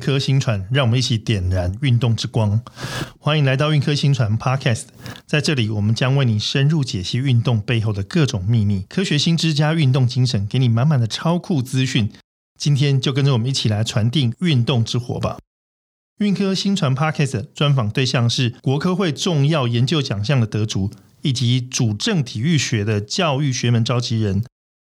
科薪傳，讓我們一起點燃運動之光。歡迎來到運科薪傳 Podcast，在這裡我們將為你深入解析運動背後的各種祕密，科學新知加運動精神，給你滿滿的超酷資訊。今天就跟着我們一起來傳遞運動之火吧。運科薪傳 Podcast 專訪對象是國科會重要研究獎項的得主，以及主政體育學的教育學門召集人。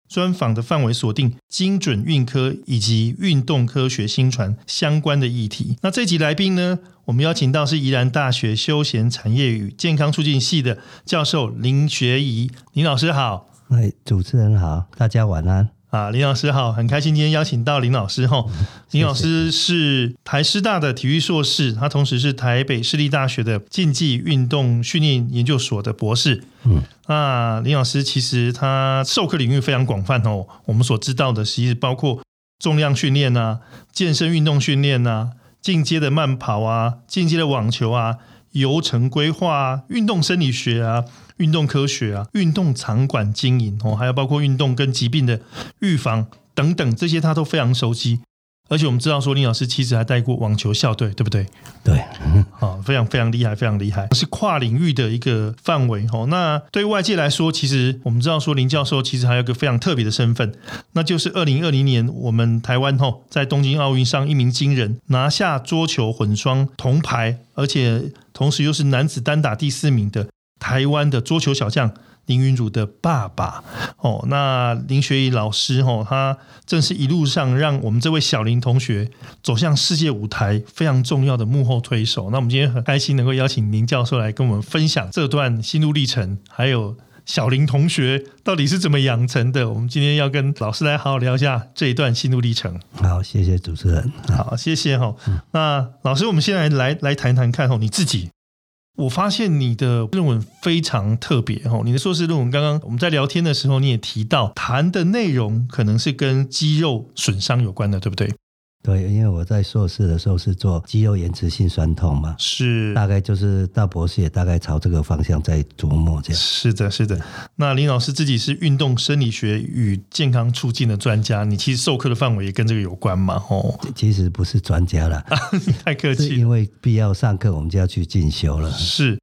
專訪的範圍鎖定精準運科，以及運動科學薪傳相關的議題。那這集來賓呢，我們邀請到是宜蘭大學休閒產業與健康促進系的教授林學宜。林老師好。哎，主持人好，大家晚安。啊，林老師好，很開心今天邀請到林老師哈。林老師是台師大的體育碩士，謝謝。他同時是台北市立大學的競技運動訓練研究所的博士。嗯，那、啊、林老師其實他授課領域非常廣泛哦。我們所知道的其實包括重量訓練啊、健身運動訓練啊、進階的慢跑啊、進階的網球啊、遊程規劃、啊運動生理學啊。運動科學啊，運動場館經營哦，還有包括運動跟疾病的預防等等，這些他都非常熟悉。而且我們知道說，林老師其實還帶過網球校隊，對不對？對，嗯，啊，非常非常厲害，非常厲害，是跨領域的一個範圍哦。那對外界來說，其實我們知道說，林教授其實還有個非常特別的身份，那就是二零二零年我們台灣哦，在東京奧運上一鳴驚人，拿下桌球混雙銅牌，而且同時又是男子單打第四名的台灣的桌球小將林昀儒的爸爸哦，那林學宜老師哦，他正是一路上讓我們這位小林同學走向世界舞台非常重要的幕後推手。那我們今天很開心能夠邀請林教授來跟我們分享這段心路歷程，還有小林同學到底是怎麼養成的。我們今天要跟老師來好好聊一下這一段心路歷程。好，謝謝主持人。好，謝謝哈、哦。嗯、那老師，我們先來來來談談看哦，你自己。我發現你的論文非常特別哦，你的碩士論文，剛剛我們在聊天的時候，你也提到，談的內容可能是跟肌肉損傷有關的，對不對？對，因為我在碩士的時候是做肌肉延遲性酸痛嘛，是大概就是大博士也大概朝這個方向在琢磨，這樣是的，是的。那林老師自己是運動生理學與健康促進的專家，你其實授課的範圍也跟這個有關嘛，齁。其實不是專家啦 你太客氣，因為必要上課我們就要去進修了，是。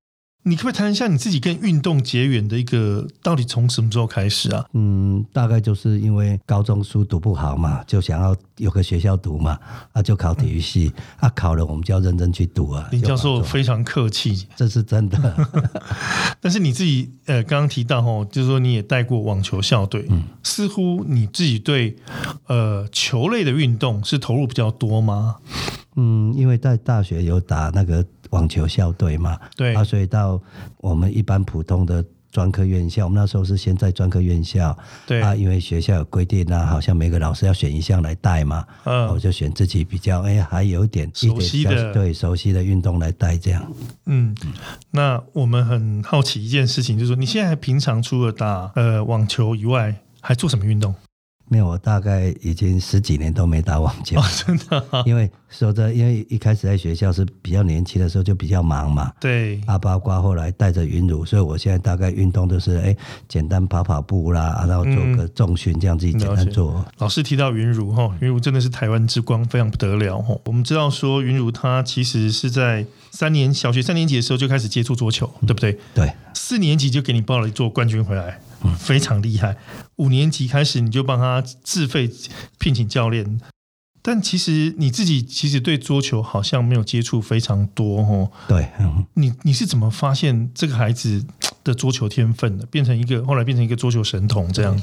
你可不可以談一下你自己跟運動結緣的一個，到底從什麼時候開始啊？嗯，大概就是因為高中書讀不好嘛，就想要有個學校讀嘛，啊，就考體育系，嗯、啊，考了我們就要認真去讀啊。林教授非常客氣、嗯，這是真的。 但是你自己呃，剛剛提到哦，就是說你也帶過網球校隊，嗯，似乎你自己對呃球類的運動是投入比較多嗎？嗯，因為在大學有打那個網球校隊嘛，對啊，所以到我們一般普通的專科院校，我們那時候是先在專科院校，對啊，因為學校有規定那、啊、好像每個老師要選一項來帶嘛，嗯，我就選自己比較哎、欸，還有一點熟悉的對，熟悉的運動來帶這樣。嗯，嗯，那我們很好奇一件事情，就是說你現在平常除了打呃網球以外，還做什麼運動？沒有，我大概已經十幾年都沒打網球。哦，真的？啊。因為說的，因為一開始在學校是比較年輕的時候就比較忙嘛。對。阿八瓜後來帶着昀儒，所以我現在大概運動都，就是哎，簡單跑跑步啦，然後做個重訓，嗯，這樣自己簡單做。老師提到昀儒哈，昀儒真的是台灣之光，非常不得了。我們知道說昀儒她其實是在三年小學三年級的時候就開始接觸桌球，對不對？對。四年級就給你報了一座冠軍回來。非常厲害，五年級開始你就幫他自費聘請教練，但其實你自己其實對桌球好像沒有接觸非常多，吼，對，你你是怎麼發現這個孩子的桌球天分的？變成一個後來變成一個桌球神童這樣？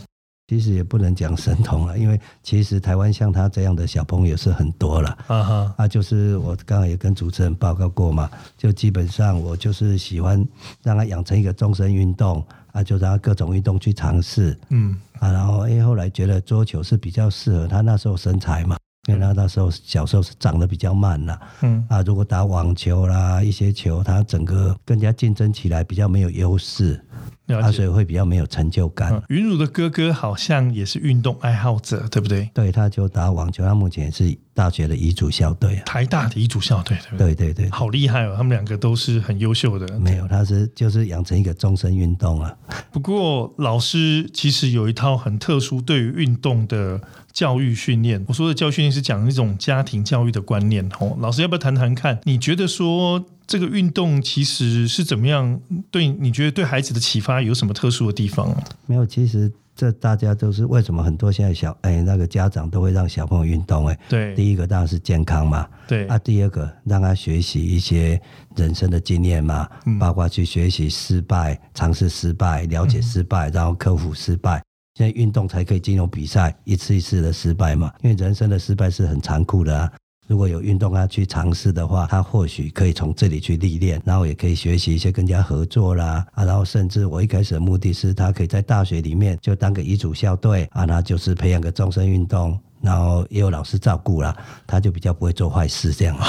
其實也不能講神童了，因為其實台灣像他這樣的小朋友是很多了。啊哈、uh-huh. 啊就是我剛剛也跟主持人報告過嘛，就基本上我就是喜歡讓他養成一個終身運動。啊，就讓他各種運動去嘗試，嗯，啊，然後因為、欸、後來覺得桌球是比較適合他那時候身材嘛。因為他那時候小時候是長得比較慢啦。嗯啊，如果打網球啦一些球，他整個更加競爭起來比較沒有優勢，他解、啊、所以會比較沒有成就感。雲茹、嗯、的哥哥好像也是運動愛好者，對不對？對，他就打網球，他目前是大學的乙族校隊、啊，台大的乙族校隊，對對，對？對，對對對，好厲害哦！他們兩個都是很優秀的。沒有，他是就是養成一個終身運動啊。不過老師其實有一套很特殊對於運動的，教育訓練，我說的教育訓練是講一種家庭教育的觀念哦。老師要不要談談看？你覺得說，這個運動其實是怎麼樣？對，你覺得對孩子的啟發有什麼特殊的地方、啊？沒有，其實這大家都，就是為什麼很多現在小哎、欸、那個家長都會讓小朋友運動哎、欸。對，第一個當然是健康嘛。對啊，第二個讓他學習一些人生的經驗嘛，嗯、包括去學習失敗、嘗試失敗、了解失敗，嗯、然後克服失敗。現在運動才可以進入比賽，一次一次的失敗嘛？因為人生的失敗是很殘酷的啊！如果有運動啊去嘗試的話，他或許可以從這裡去歷練，然後也可以學習一些跟人家合作啦啊！然後甚至我一開始的目的是他可以在大學裡面就當個乙組校隊啊，那就是培養個終身運動。然後也有老師照顧啦，他就比較不會做壞事這樣嘛。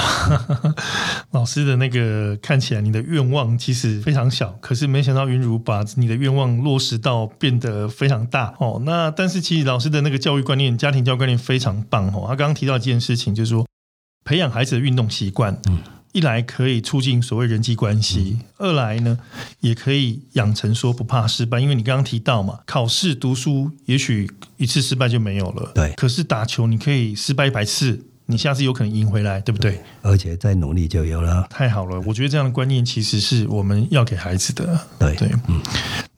嗯、老師的那個看起來你的願望其實非常小，可是沒想到昀儒把你的願望落實到變得非常大哦。那但是其實老師的那個教育觀念、家庭教育觀念非常棒哦。他剛剛提到一件事情，就是說培養孩子的運動習慣。嗯。一來可以促進所謂人際關係，嗯、二來呢也可以養成說不怕失敗，因為你剛剛提到嘛，考試讀書也許一次失敗就沒有了，對。可是打球你可以失敗一百次，你下次有可能贏回來，對不對？對而且再努力就有了。太好了，我覺得這樣的觀念其實是我們要給孩子的。對對，對嗯。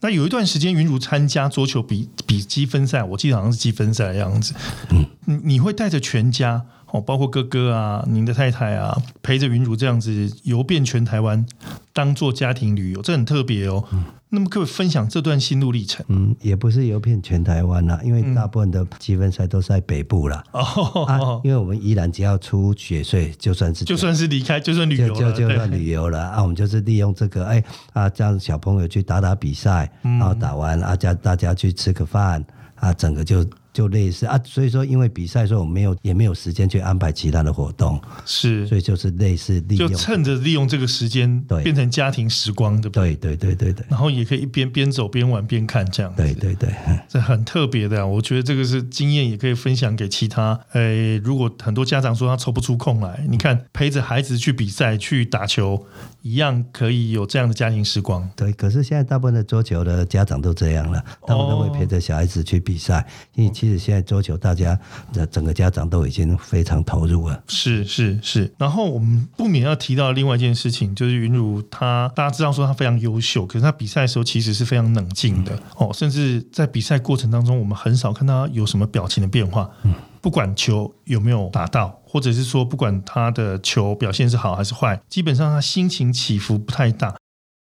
那有一段時間昀儒參加桌球比比積分賽，我記得好像是積分賽的樣子，嗯。你你會帶着全家哦，包括哥哥啊、您的太太啊，陪着昀儒這樣子遊遍全台灣，當做家庭旅遊，這很特別哦。那麼可不可以分享這段心路歷程。嗯，也不是遊遍全台灣啦、啊，因為大部分的積分賽都是在北部啦。哦、嗯啊，因為我們宜蘭只要出學費，就算是就算是離開，就算旅遊了，就就，就算旅遊了對啊。我們就是利用這個，哎啊，叫小朋友去打打比賽，嗯、然後打完啊，家大家去吃個飯，啊，整個就。就類似啊，所以說，因為比賽說我沒有，也沒有時間去安排其他的活動，是，所以就是類似利用，就趁着利用這個時間，對，變成家庭時光，對不對？對，對，對，對。然後也可以一邊邊走邊玩邊看這樣，對，對，對，這很特別的啊，我覺得這個是經驗，也可以分享給其他。誒，如果很多家長說他抽不出空來，你看陪着孩子去比賽去打球，一樣可以有這樣的家庭時光。對，可是現在大部分的桌球的家長都這樣了，他們都會陪着小孩子去比賽，一起，哦。其實現在桌球，大家的整個家長都已經非常投入了。是是是，然後我們不免要提到另外一件事情，就是昀儒她，大家知道說她非常優秀，可是她比賽的時候其實是非常冷靜的、嗯、哦，甚至在比賽過程當中，我們很少看他有什麼表情的變化。嗯，不管球有沒有打到，或者是說不管他的球表現是好還是壞，基本上他心情起伏不太大。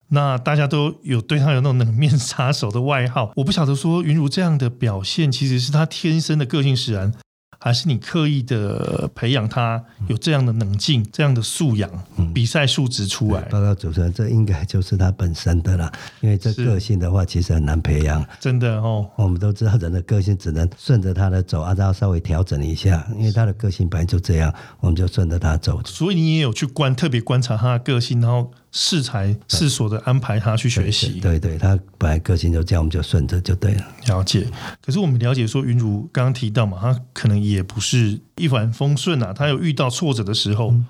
那大家都有對他有那種冷面殺手的外號，我不曉得說昀儒這樣的表現，其實是他天生的個性使然，還是你刻意的培養他有這樣的冷靜、嗯、這樣的素養、嗯、比賽素質出來？報告主持人，這應該就是他本身的啦，因為這個性的話，其實很難培養。真的哦，我們都知道人的個性只能順着他的走，啊，然後稍微調整一下，因為他的個性本來就這樣，我們就順着他走。所以你也有去觀，特別觀察他的個性，然後。適才適所的安排他去學習，對，對，對，對他本來個性就這樣，我們就順着就對了。了解。可是我們了解說，昀儒剛剛提到嘛，他可能也不是一帆風順啊，他有遇到挫折的時候。嗯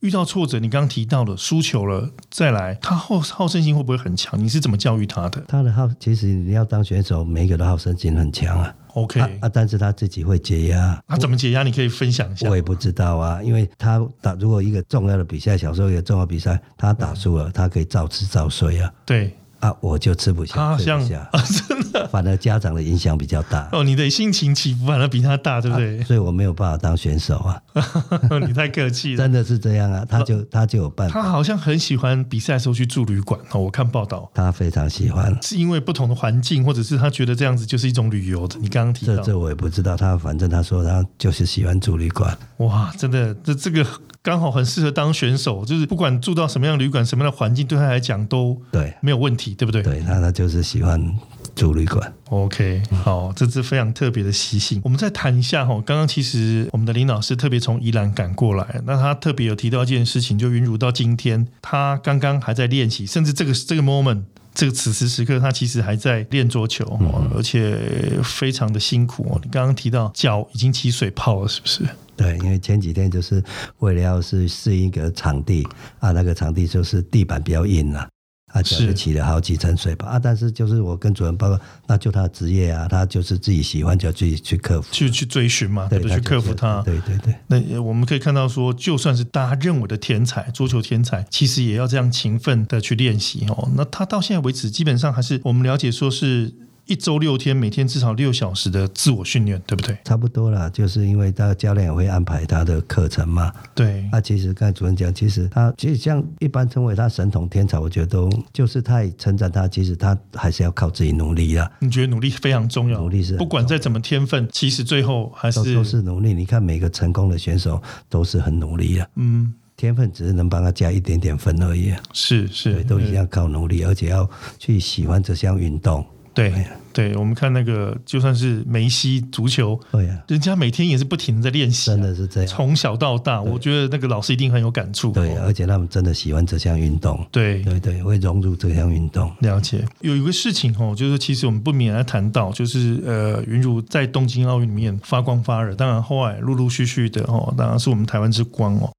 遇到挫折，你剛剛提到了輸球了再來，他好好勝心會不會很強？你是怎麼教育他的？他的好，其實你要當選手，每一個都好勝心很強啊。OK，啊，但是他自己會解壓。那怎麼解壓？我你可以分享一下。我也不知道啊，因為他打如果一個重要的比賽，小時候有重要比賽，他打輸了，嗯、他可以照吃照睡啊。對啊，我就吃不下，他想，想啊，真的。反而家長的影響比較大。哦，你的心情起伏反而比他大，對不對？啊、所以我沒有辦法當選手啊。 你太客氣了， 真的是這樣啊！他就他就有辦法，他好像很喜歡比賽的時候去住旅館。我看報道，他非常喜歡，是因為不同的環境，或者是他覺得這樣子就是一種旅遊的。你剛剛提到，這,這我也不知道。他反正他說他就是喜歡住旅館。哇，真的，這這個剛好很適合當選手，就是不管住到什麼樣的旅館，什麼樣的環境，對他來講都對沒有問題，對,對不對？對，他他就是喜歡。主旅館，OK，好，這是非常特別的習性。嗯、我們再談一下哈，剛剛其實我們的林老師特別從宜蘭趕過來，那他特別有提到一件事情，就昀儒到今天，他剛剛還在練習，甚至這個這個 moment，這個此時此刻，他其實還在練桌球，嗯、而且非常的辛苦。你剛剛提到腳已經起水泡了，是不是？對，因為前幾天就是為了要試一個場地啊，那個場地就是地板比較硬了、啊。啊，腳起了好幾層水泡是啊！但是就是我跟主任包括，那就他的職業啊，他就是自己喜歡就要自己去克服去，去去追尋嘛，對，對不對就去克服他。對對對，那我們可以看到說，就算是大家認為的天才，足球天才，其實也要這樣勤奮的去練習哦。那他到現在為止，基本上還是我們了解說是。一周六天，每天至少六小時的自我訓練，對不對？差不多啦，就是因為他教練也會安排他的課程嘛。對，那、啊、其實剛才主持人講，其實他其實像一般稱為他神童天才，我覺得都就是太稱讚他。其實他還是要靠自己努力的。你覺得努力非常重要？努力是不管再怎麼天分，其實最後還是都是努力。你看每個成功的選手都是很努力的。嗯，天分只是能幫他加一點點分而已。是，是對是，都一樣靠努力，而且要去喜歡這項運動。對，對，哎、呀對，我們看那個，就算是梅西足球，對、哎、呀，人家每天也是不停的在練習、啊，真的是這樣。從小到大，對我覺得那個老師一定很有感觸，對，哦、而且他們真的喜歡這項運動，對，對，對，會融入這項運動。了解有一個事情哦，就是其實我們不免要談到，就是呃，昀儒在東京奧運裡面發光發熱，當然後來陸陸續續的哦，當然是我們台灣之光哦。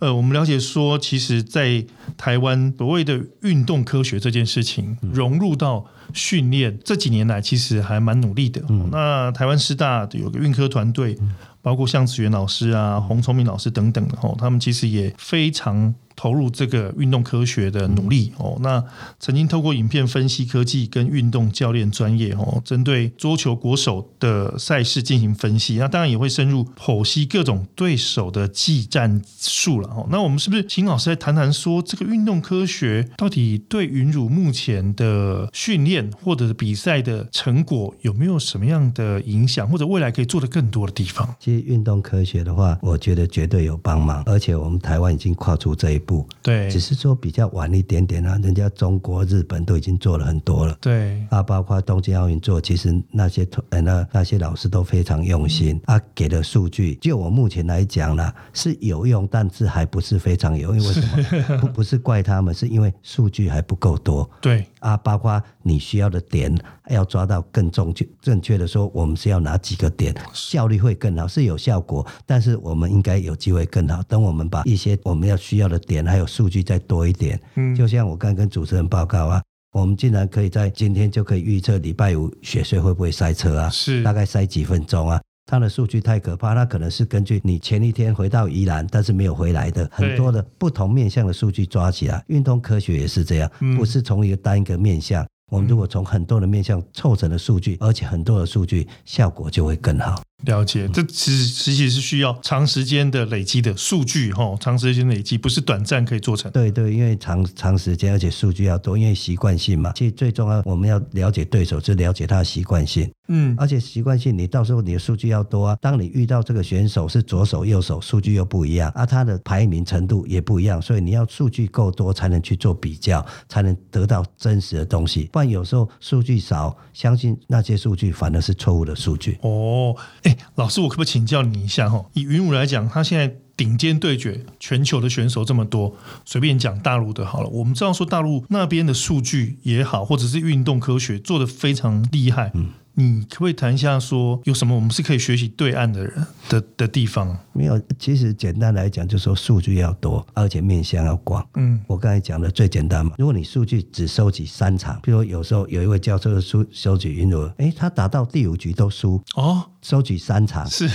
呃，我們了解說，其實，在台灣所謂的運動科學這件事情、嗯、融入到，訓練這幾年來，其實還蠻努力的。嗯、那台灣師大的有個運科團隊，嗯、包括相子元老師啊、洪聰敏老師等等，哦，他們其實也非常投入這個運動科學的努力。嗯、哦，那曾經透過影片分析科技跟運動教練專業，哦，針對桌球國手的賽事進行分析。那當然也會深入剖析各種對手的技戰術了。哦，那我們是不是請老師來談談，說這個運動科學到底對昀儒目前的訓練？或者是比賽的成果有沒有什麼樣的影響，或者未來可以做的更多的地方？其實運動科學的話，我覺得絕對有幫忙，嗯、而且我們台灣已經跨出這一步。對，只是說比較晚一點點啊，人家中國、日本都已經做了很多了。對啊，包括東京奧運做，其實那些同、哎、那那些老師都非常用心，嗯、啊，給的數據，就我目前來講呢是有用，但是還不是非常有用。因為，為什麼？是不不是怪他們，是因為數據還不夠多。對啊，包括你。需要的點要抓到更正確，正確的說，我們是要哪幾個點，效率會更好，是有效果，但是我們應該有機會更好。等我們把一些我們要需要的點還有數據再多一點，嗯、就像我剛,剛跟主持人報告啊，我們竟然可以在今天就可以預測禮拜五雪隧會不會塞車啊？是，大概塞幾分鐘啊？它的數據太可怕，那可能是根據你前一天回到宜蘭，但是沒有回來的對很多的不同面向的數據抓起來，運動科學也是這樣，嗯、不是從一個單一個面向。我們如果從很多的面向湊成的數據，而且很多的數據，效果就會更好。了解，這其實其實際是需要長時間的累積的數據，哈，長時間累積不是短暫可以做成的。對對，因為長長時間，而且數據要多，因為習慣性嘛。其實最重要，我們要了解對手，是了解他的習慣性。嗯，而且習慣性，你到時候你的數據要多啊。當你遇到這個選手是左手右手，數據又不一樣，啊，他的排名程度也不一樣，所以你要數據夠多才能去做比較，才能得到真實的東西。不然有時候數據少，相信那些數據反而是錯誤的數據。哦，哎，老師，我可不可以請教你一下哈？以昀儒來講，他現在頂尖對決，全球的選手這麼多，隨便講大陸的好了。我們知道說大陸那邊的數據也好，或者是運動科學做得非常厲害，嗯。你可不可以談一下說有什麼我們是可以學習對岸的人的的地方？沒有，其實簡單來講，就是說數據要多，而且面向要廣。嗯，我剛才講的最簡單嘛。如果你數據只收集三場，比如說有時候有一位教授的收收集昀儒，哎，他打到第五局都輸哦，收集三場是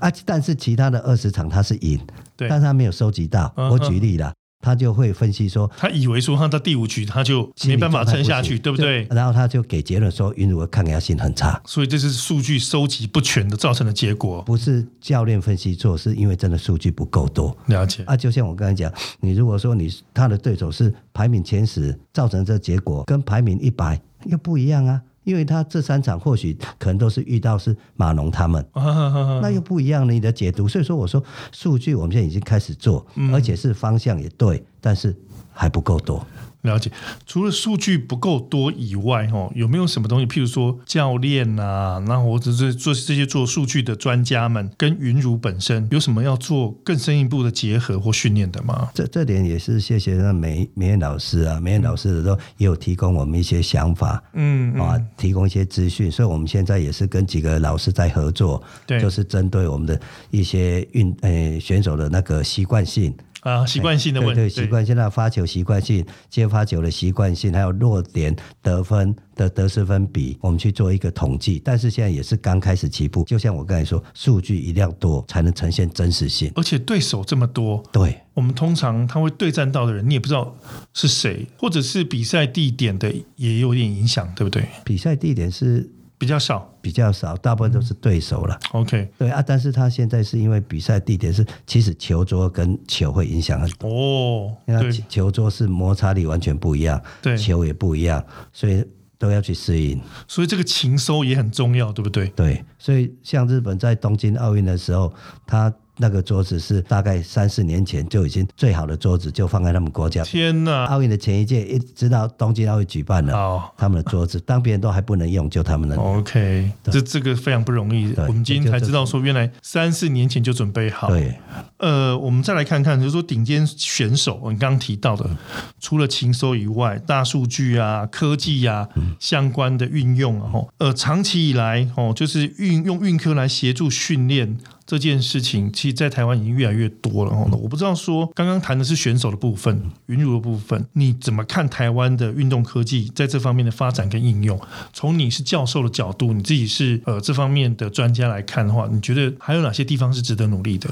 啊，但是其他的二十場他是贏，對但是他沒有收集到。我舉例了。嗯嗯他就會分析說，他以為說他到第五局他就沒辦法撐下去，對不對？然後他就給結論說昀儒的抗壓性很差，所以這是數據收集不全的造成的結果，嗯、不是教練分析錯，是因為真的數據不夠多。嗯、了解啊，就像我剛才講，你如果說你他的對手是排名前十，造成的這個結果跟排名一百又不一樣啊。因為他這三場或許可能都是遇到是馬龍他們，呵呵呵那又不一樣了，你的解讀。所以說我說數據我們現在已經開始做，嗯、而且是方向也對，但是還不夠多。了解，除了數據不夠多以外，吼、哦、有沒有什麼東西？譬如說教練啊，那我只是做這些做數據的專家們，跟昀儒本身有什麼要做更深一步的結合或訓練的嗎？這這點也是謝謝那梅梅艷老師啊，梅艷老師都也有提供我們一些想法，嗯，嗯啊，提供一些資訊，所以我們現在也是跟幾個老師在合作，對，就是針對我們的一些運誒、呃、選手的那個習慣性。啊，習慣性的問題。哎、對，對，習慣性，對那發球習慣性，接發球的習慣性，還有落點得分的得失分比，我們去做一個統計。但是現在也是剛開始起步，就像我剛才說，數據一定要多，才能呈現真實性。而且對手這麼多，對。我們通常他會對戰到的人，你也不知道是誰，或者是比賽地點的也有點影響，對不對？比賽地點是比較少。比較少，大部分都是對手了。OK，對啊，但是他現在是因為比賽地點是，其實球桌跟球會影響很多。哦，oh, 因為球桌是摩擦力完全不一樣，對球也不一樣，所以都要去適應。所以這個情蒐也很重要，對不對？對，所以像日本在東京奧運的時候，他。那個桌子是大概三四年前就已經最好的桌子，就放在他們國家。天哪！奧運的前一屆，一直到東京奧運舉辦了，好他們的桌子，當別人都還不能用，就他們能。OK，對這這個非常不容易。對我們今天才知道說，原來三四年前就準備好。對。呃，我們再來看看，就是說頂尖選手，你剛剛提到的，嗯、除了情搜以外，大數據啊、科技啊、嗯、相關的運用啊，哈，呃，長期以來哦，就是運用運科來協助訓練。這件事情其實，在台灣已經越來越多了。我不知道，說剛剛談的是選手的部分、昀儒的部分，你怎麼看台灣的運動科技在這方面的發展跟應用？從你是教授的角度，你自己是呃這方面的專家來看的話，你覺得還有哪些地方是值得努力的？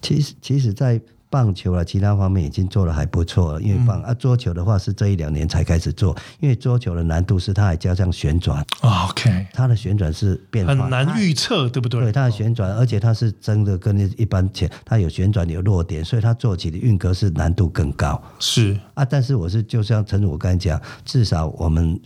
其實，其實，在。棒球啊，其他方面已經做得還不錯了，因為棒、嗯、啊，桌球的話是這一兩年才開始做，因為桌球的難度是它還加上旋轉啊、哦、，OK，它的旋轉是變化，很難預測，它對不對？對它的旋轉，而且它是真的跟一般球，它有旋轉，有落點，所以它做起的運格是難度更高。是啊，但是我是就像陳總我剛才講，至少我們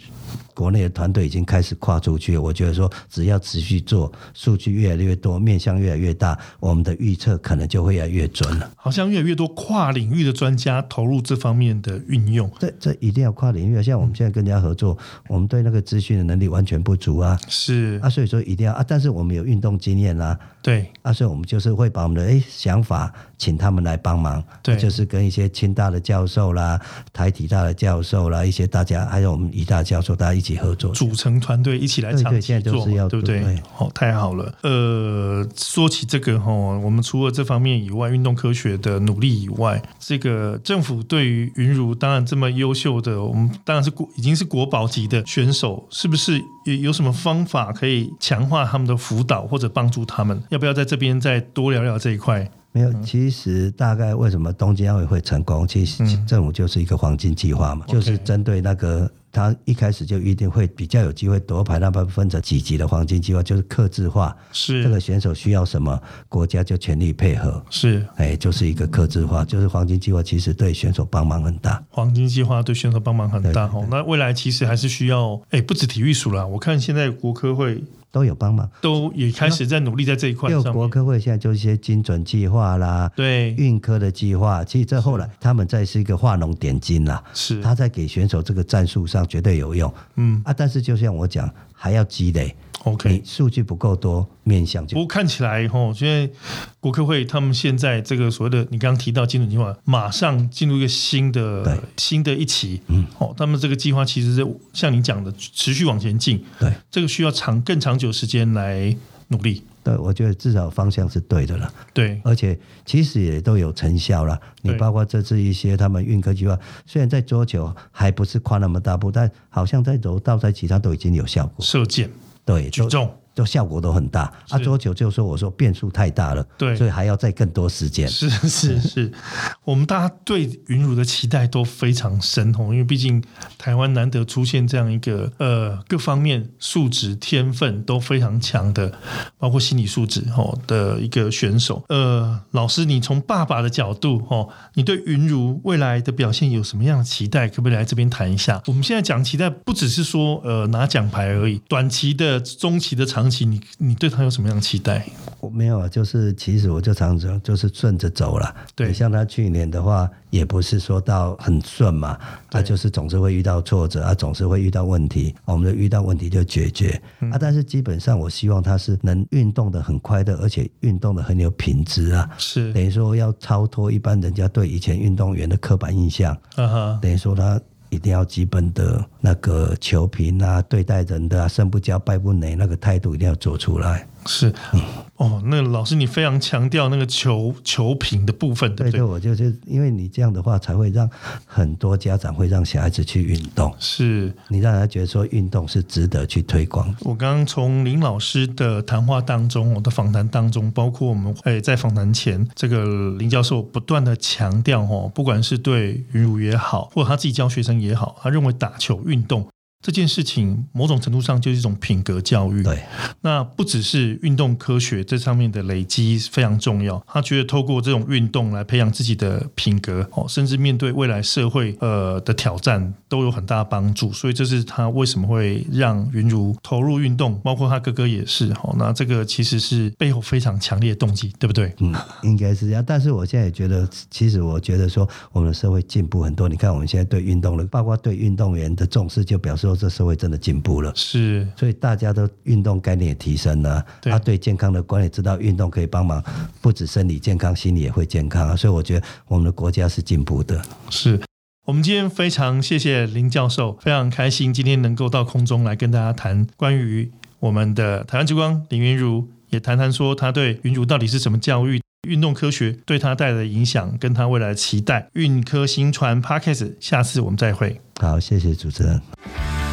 國內的團隊已經開始跨出去，我覺得說只要持續做，數據越來越多，面向越來越大，我們的預測可能就會越來越準了，好像。越來越多跨領域的專家投入這方面的運用，這，這這一定要跨領域啊！像我們現在跟人家合作，嗯、我們對那個資訊的能力完全不足啊，是啊，所以說一定要啊！但是我們有運動經驗啦、啊，對啊，所以，我們就是會把我們的哎想法請他們來幫忙，對，啊、就是跟一些清大的教授啦、台體大的教授啦、一些大家，還有我們宜大教授，大家一起合作，組成團隊一起來。對，對，現在就是要對，對不對？好對、哦，太好了。呃，說起這個吼，我們除了這方面以外，運動科學的。努力以外，這個政府對於昀儒，當然這麼優秀的，我們當然是國已經是國寶級的選手，是不是有有什麼方法可以強化他們的輔導或者幫助他們？要不要在這邊再多聊聊這一塊？沒有，其實大概為什麼東京奧運會，會成功？其實政府就是一個黃金計劃嘛，嗯 okay、就是針對那個他一開始就一定會比較有機會奪牌那部分，的幾級的黃金計劃，就是客製化。是這個選手需要什麼，國家就全力配合。是哎，就是一個客製化，就是黃金計劃，其實對選手幫忙很大。黃金計劃對選手幫忙很大哦。對對對，那未來其實還是需要哎，不止體育署啦，我看現在國科會。都有幫忙，都也開始在努力在這一塊，啊。六國科會現在就一些精準計劃啦，對運科的計劃。其實這後來，他們在是一個畫龍點睛啦，是他在給選手這個戰術上絕對有用。嗯啊，但是就像我講，還要積累。OK，數據不夠多，面向就。不過看起來吼、哦，現在國科會他們現在這個所謂的你剛剛提到精準計劃，馬上進入一個新的對新的一期，嗯，哦，他們這個計劃其實是像你講的持續往前進，對，這個需要長更長久的時間來努力。對，我覺得至少方向是對的了。對，而且其實也都有成效了。你包括這次一些他們運科計劃，對雖然在桌球還不是跨那麼大步，但好像在柔道在其他都已經有效果。射箭。對，舉重。就效果都很大，是啊，桌球，就說我說變數太大了，對，所以還要再更多時間。是是是，是是是 我們大家對昀儒的期待都非常深哦，因為畢竟台灣難得出現這樣一個呃各方面素質天分都非常強的，包括心理素質哦的一個選手。呃，老師，你從爸爸的角度哦，你對昀儒未來的表現有什麼樣的期待？可不可以來這邊談一下？我們現在講期待，不只是說呃拿獎牌而已，短期的、中期的長。長期你你對他有什麼樣的期待？我沒有啊，就是其實我就常說，就是順着走了。對，像他去年的話，也不是說到很順嘛，他對、啊、就是總是會遇到挫折啊，總是會遇到問題，啊、我們就遇到問題就解決、嗯、啊。但是基本上，我希望他是能運動的很快樂，而且運動的很有品質啊。是等於說要超脫一般人家對以前運動員的刻板印象啊。Uh huh、等於說他。一定要基本的那個求平啊，對待人的啊，勝不驕敗不餒那個態度一定要做出來。是。嗯哦，那個、老師，你非常強調那個球球品的部分，對，不對，對對，我就是因為你這樣的話，才會讓很多家長會讓小孩子去運動，是你讓他覺得說運動是值得去推廣。我剛剛從林老師的談話當中，我的訪談當中，包括我們在訪談前，這個林教授不斷地強調哦，不管是對昀儒也好，或者他自己教學生也好，他認為打球運動。這件事情某種程度上就是一種品格教育。對，那不只是運動科學這上面的累積非常重要。他覺得透過這種運動來培養自己的品格，哦，甚至面對未來社會呃的挑戰都有很大的幫助。所以這是他為什麼會讓昀儒投入運動，包括他哥哥也是。那這個其實是背後非常強烈的動機，對不對？嗯，應該是這樣。但是我現在也覺得，其實我覺得說，我們的社會進步很多。你看，我們現在對運動的，包括對運動員的重視，就表示。這社會真的進步了，是，所以大家的運動概念也提升了，啊，他對，啊，對健康的管理知道運動可以幫忙，不止身體健康，心理也會健康，啊，所以我覺得我們的國家是進步的。是，我們今天非常謝謝林教授，非常開心今天能夠到空中來跟大家談關於我們的台灣之光林昀儒，也談談說他對昀儒到底是什麼教育。運動科學對他帶來的影響，跟他未來的期待。運科薪傳 Podcast，下次我們再會。好，謝謝主持人。